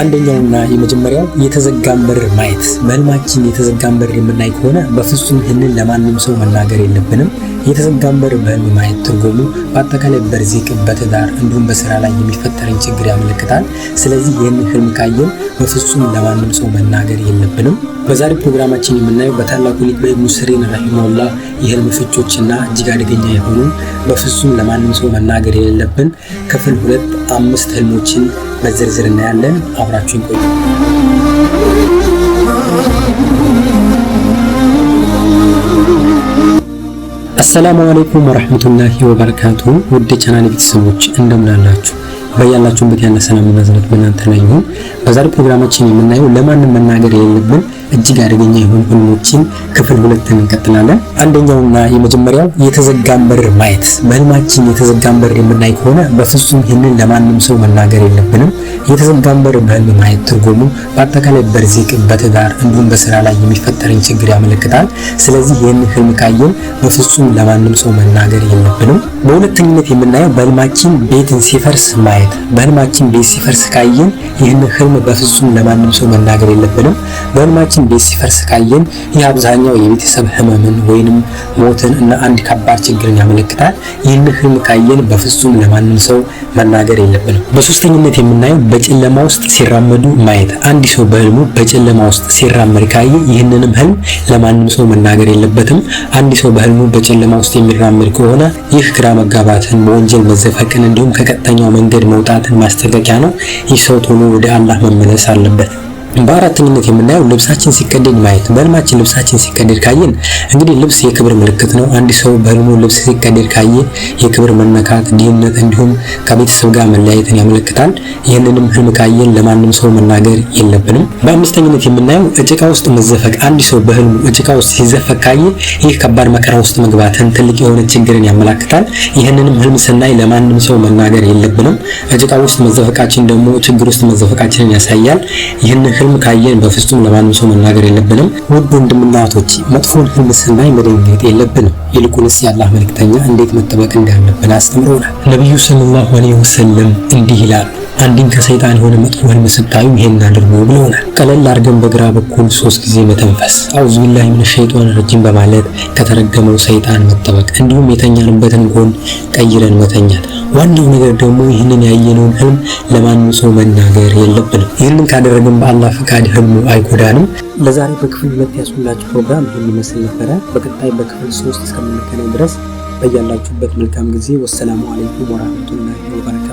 አንደኛውና የመጀመሪያው የተዘጋን በር ማየት። በህልማችን የተዘጋን በር የምናይ ከሆነ በፍጹም ይህንን ለማንም ሰው መናገር የለብንም። የተዘጋን በር በህልም ማየት ትርጉሙ በአጠቃላይ በርዚቅ፣ በትዳር እንዲሁም በስራ ላይ የሚፈጠርን ችግር ያመለክታል። ስለዚህ ይህንን ህልም ካየን በፍጹም ለማንም ሰው መናገር የለብንም። በዛሬ ፕሮግራማችን የምናየው በታላቁ ሊቅ በኢብኑ ሲሪን ረሂመሁላህ የህልም ፍቾችና እጅግ አደገኛ የሆኑ በፍጹም ለማንም ሰው መናገር የሌለብን ክፍል ሁለት አምስት ህልሞችን በዝርዝር እናያለን። አብራችሁን ቆዩ። አሰላሙ አለይኩም ወራህመቱላሂ ወበረካቱ ውድ ቻናል ቤተሰቦች እንደምን አላችሁ? በያላችሁበት ያለ ሰላም እና ዝነት በእናንተ ላይ ይሁን። በዛሬ ፕሮግራማችን የምናየው ለማንም መናገር የሌለብን እጅግ አደገኛ የሆኑ ህልሞችን ክፍል ሁለት እንቀጥላለን። አንደኛውና የመጀመሪያው የተዘጋን በር ማየት። በህልማችን የተዘጋን በር የምናይ ከሆነ በፍጹም ይህንን ለማንም ሰው መናገር የለብንም። የተዘጋን በር በህልም ማየት ትርጉሙ በአጠቃላይ በርዚቅ፣ በትዳር እንዲሁም በስራ ላይ የሚፈጠርን ችግር ያመለክታል። ስለዚህ ይህን ህልም ካየን በፍጹም ለማንም ሰው መናገር የለብንም። በሁለተኝነት የምናየው በህልማችን ቤትን ሲፈርስ ማየት። በህልማችን ቤት ሲፈርስ ካየን ይህን ህልም በፍጹም ለማንም ሰው መናገር የለብንም። በህልማችን ቤት ሲፈርስ ካየን ይህ አብዛኛው የቤተሰብ ህመምን ወይንም ሞትን እና አንድ ከባድ ችግርን ያመለክታል። ይህን ህልም ካየን በፍጹም ለማንም ሰው መናገር የለብንም። በሶስተኝነት የምናየው በጨለማ ውስጥ ሲራመዱ ማየት። አንድ ሰው በህልሙ በጨለማ ውስጥ ሲራመድ ካየ ይህንንም ህልም ለማንም ሰው መናገር የለበትም። አንድ ሰው በህልሙ በጨለማ ውስጥ የሚራመድ ከሆነ ይህ ግራ መጋባትን፣ በወንጀል መዘፈቅን እንዲሁም ከቀጥተኛው መንገድ መውጣትን ማስጠንቀቂያ ነው። ይህ ሰው ቶሎ ወደ አላህ መመለስ አለበት። በአራተኝነት የምናየው ልብሳችን ሲቀደድ ማየት። በህልማችን ልብሳችን ሲቀደድ ካየን እንግዲህ ልብስ የክብር ምልክት ነው። አንድ ሰው በህልሙ ልብስ ሲቀደድ ካየ የክብር መነካት፣ ድህነት እንዲሁም ከቤተሰብ ጋር መለያየትን ያመለክታል። ይህንንም ህልም ካየን ለማንም ሰው መናገር የለብንም። በአምስተኝነት የምናየው እጭቃ ውስጥ መዘፈቅ። አንድ ሰው በህልሙ እጭቃ ውስጥ ሲዘፈቅ ካየ ይህ ከባድ መከራ ውስጥ መግባትን፣ ትልቅ የሆነ ችግርን ያመላክታል። ይህንንም ህልም ስናይ ለማንም ሰው መናገር የለብንም። እጭቃ ውስጥ መዘፈቃችን ደግሞ ችግር ውስጥ መዘፈቃችንን ያሳያል። ይህንን ህልም ካየን በፍጹም ለማንም ሰው መናገር የለብንም። ውድ ወንድምና እህቶች መጥፎን ህልም ስናይ መደንገጥ የለብንም። ይልቁንስ የአላህ መልክተኛ እንዴት መጠበቅ እንዳለብን አስተምረውናል። ነቢዩ ሰለላሁ ዐለይሂ ወሰለም እንዲህ ይላሉ አንድን ከሰይጣን የሆነ መጥፎ ህልም ስታዩ ይሄን አድርጉ ብለውናል። ቀለል አድርገን በግራ በኩል ሶስት ጊዜ መተንፈስ አውዝ ቢላሂ ሚነ ሸይጧን ረጂም በማለት ከተረገመው ሰይጣን መጠበቅ እንዲሁም የተኛንበትን ጎን ቀይረን መተኛት ዋናው ነገር ደግሞ ይህንን ያየነውን ህልም ለማንም ሰው መናገር የለብንም። ይህንን ካደረግን በአላህ ፈቃድ ህልሙ አይጎዳንም። ለዛሬ በክፍል ሁለት ያስኩላችሁ ፕሮግራም ይህን ይመስል ነበረ። በቀጣይ በክፍል ሶስት እስከምንገናኝ ድረስ በያላችሁበት መልካም ጊዜ። ወሰላሙ አለይኩም ወራህመቱላሂ ወበረካቱ